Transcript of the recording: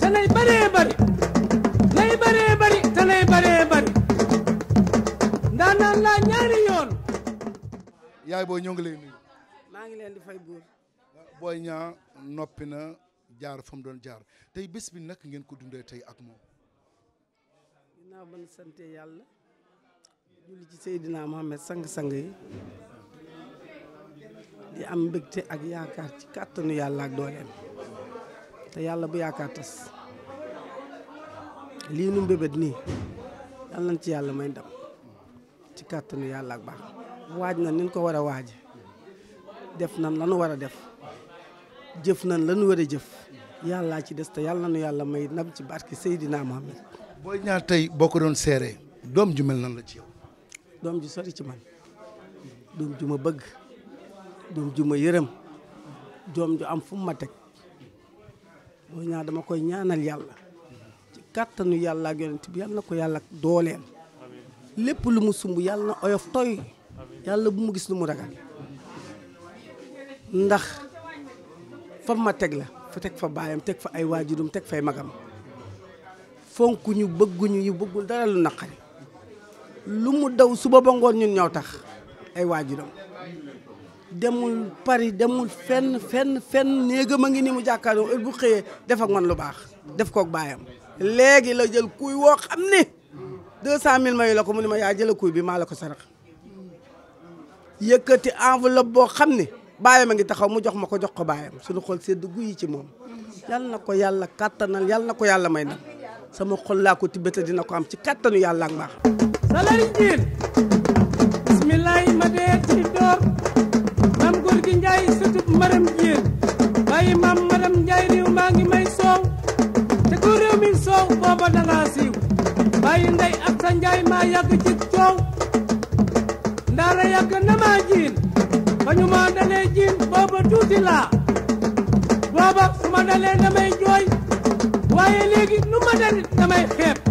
te lay bëree bëri lay bëree bëri te lay bëree bëri ndaanaan laa ñaari yoon. yaay boo ñoo ngi lay nuyu. maa ngi leen di fay góor booy ñaa noppi na jaar fa doon jaar tey bés bi nag ngeen ko dundee tey ak moom. dinaa ba nu sant yàlla. julli ci Seydina Mohamed sang-sang yi. di am mbégte ak yaakaar ci kàttanu yàlla ak dooleem. te yàlla bu yaakaar tas lii nu mbébét nii yal nañ ci yàlla may ndam ci kàttanu yàlla ak baax waaj na ni ñu ko war a waaje def na lanu war a def jëf na lanu war a jëf yàllaa ci des te yàlla nu yàlla may ndam ci barke Seydina Mohamed Boy Niang tey boo ko doon seeree doom ju mel nan la ci yow doom ju sori ci man doom ju ma bëgg doom ju ma yërëm doom ju am fu ma teg boo ñaa dama koy ñaanal yàlla ci kàttanu yàlla ak bi yàlla na ko yàlla dooleel lépp lu mu sumb yàlla na oyof toy yàlla bu mu gis lu mu ragal ndax fa ma teg la fa teg fa baayam teg fa ay waajurum teg fay magam fonkuñu bëgguñu yu bëggul dara lu naqari lu mu daw suba ba ngoon ñun ñoo tax ay waajuram demul Paris demul fenn fenn fenn néegam a ngi ni mu jàkkaarloo heure bu xëyee def ak man lu baax def kook baayam léegi la jël kuy woo xam ne 200000 mayu la ko mu ne ma yaa jëla kuy bi maa la ko sarax yëkkati enveloppe boo xam ne baayam a ngi taxaw mu jox ma ko jox ko baayam suñu xol sedd guyi ci moom yal na ko yàlla kàttanal yal na ko yàlla may nag sama xol laa ko tibbata dina ko am ci kàttanu yàlla ak mbaax salari jiin bismillahi ma dee maram jéen bàyyi maam maram njaay riw maa ngi may soow te ku mi soow booba danga siiw bàyyi ndey ak sa njaay maa yàgg ci coow ndaara yàgg na maa jiin ba ñu dalee jiin booba tuuti laa booba su ma dalee damay jooy waaye léegi nu ma dalit damay xeeb